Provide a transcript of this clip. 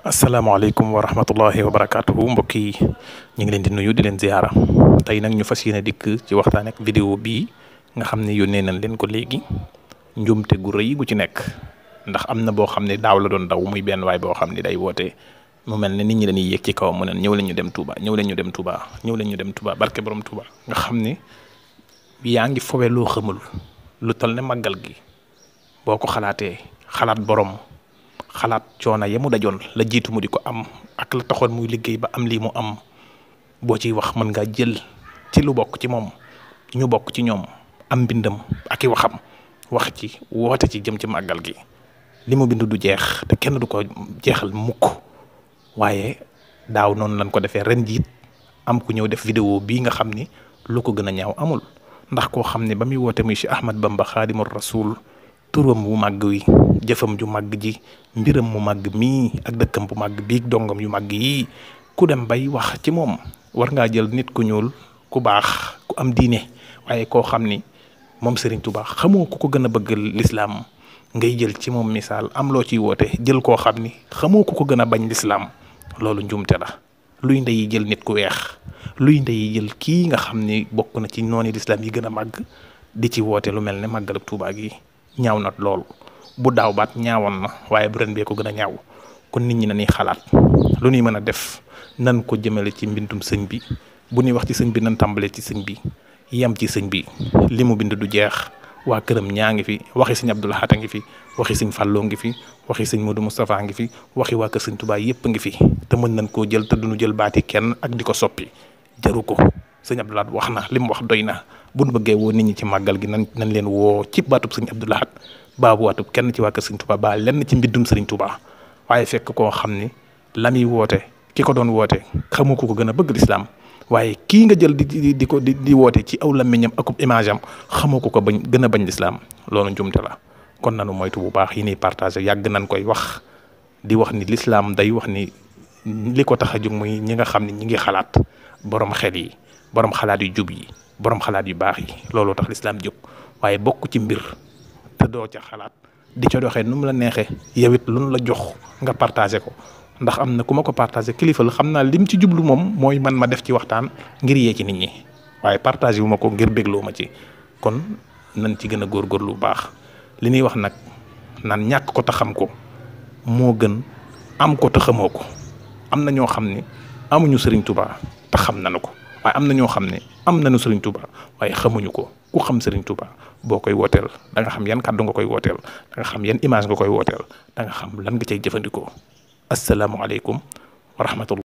السلام عليكم ورحمه الله وبركاته مبكي نيغي ñu دي نويو دي nuyu زياره تاي نك ني nag ديك سي وقتانك فيديو بي nga xamne yone nañ len ko léegi njumte gu rëy gu ci nek ndax amna bo xamne daw la don daw muy ben way bo xamne day wote mu melni nit ñi dañuy yek ci kaw mu ne ñëw lañu dem Touba ñëw lañu dem Touba ñëw lañu dem Touba barke borom Touba nga xamne ne yaa fowe lo xamul lu tal ne màggal gi boko xalaté xalat borom. xalaat coono ya mu dajoon la jiitu mu di ko am ak la taxoon muy liggéey ba am lii mu am boo ciy wax mën ngaa jël ci lu bokk ci moom ñu bokk ci ñoom am mbindam ak i waxam wax ci woote ci jëm ci màggal gi li mu bind du jeex te kenn du ko jeexal mukk waaye daaw noonu lañ ko defee ren jiit am ku ñëw def vidéo bii nga xam ni lu ko gën a ñaaw amul ndax koo xam ne ba muy woote muy Cheikh Ahmad Bamba Xaadimul Rasul turam wu màgg wi jëfam ju màgg ji mbiram mu màgg mii ak dëkkam bu màgg bii dongam yu màgg yii ku dem bay wax ci moom war ngaa jël nit ku ñuul ku baax ku am diine waaye koo xam ni moom Serigne Touba xamoo ku ko gën a bëgg lislaam ngay jël ci moom misaal am loo ciy woote jël koo xam ni xamoo ku ko gën a bañ lislaam loolu njuumte la luy ndeyi jël nit ku weex luy ndeyi jël kii nga xam ni bokk na ci nooni lislaam yi gën a màgg di ci woote lu mel ne màggalub Touba gi ñaaw na lool bu daaw baat ñaawon na waaye bu ren bee ko gën a ñaaw kon nit ñi ni xalaat lu ñuy mën a def nan ko jëmale ci mbindum sëñ bi bu ñuy wax ci sëñ bi nan tàmbalee ci sëñ bi yam ci sëñ bi li mu bind du jeex waa këram ñaa ngi fi waxi sëñ Abdou Lahad ngi fi waxi sëñ Fallou ngi fi waxi sëñ Modou Moustapha ngi fi waxi waa kër sëñ Touba yépp ngi fi te mën nan koo jël te duñu jël baati kenn ak di ko soppi jaru ko sëñ Abdou wax na li mu wax doy na bu nu bëggee woo nit ñi ci màggal gi nañ nañ leen woo ci baatub sëñ Abdou Lahad baa bu kenn ci waa kër sëñ Touba baa lenn ci mbiddum sëriñ Touba waaye fekk koo xam ni la muy woote ki ko doon woote xamu ko ko gën a bëgg lislaam waaye kii nga jël di ko di di woote ci aw làmmiñam akub image am xamu ko ko bañ gën a bañ lislaam loolu njumte la kon nanu moytu bu baax yi ñuy partagé yàgg nañ koy wax di wax ni lislaam day wax ni li ko tax a jóg muy ñi nga xam ne ñi ngi xalaat boroom xel yi borom xalaat yu jub yi borom xalaat yu baax yi looloo tax lislaam jóg waaye bokk ci mbir te doo ca xalaat di ca doxee nu mu la neexee yow it lu nu la jox nga partagé ko ndax am na ku ma ko partagé kilifa la xam naa lim ci jublu moom mooy man ma def ci waxtaan ngir yee ci nit ñi waaye partagé wu ma ko ngir bégloo ma ci kon nañ ci gën a góorgóorlu bu baax li ñuy wax nag naan ñàkk ko te xam ko moo gën am ko xamoo ko am na ñoo xam ni amuñu Sëriñ tubaa te xam nañu ko. waye amna ño xamné amna ñu Serigne Touba waye xamuñu ko ku xam Serigne Touba bokay wotel da nga xam yan kàddu nga koy wotel da nga xam yan image nga koy wotel da nga xam lan nga cey jëfëndiko assalamu alaykum wa rahmatullah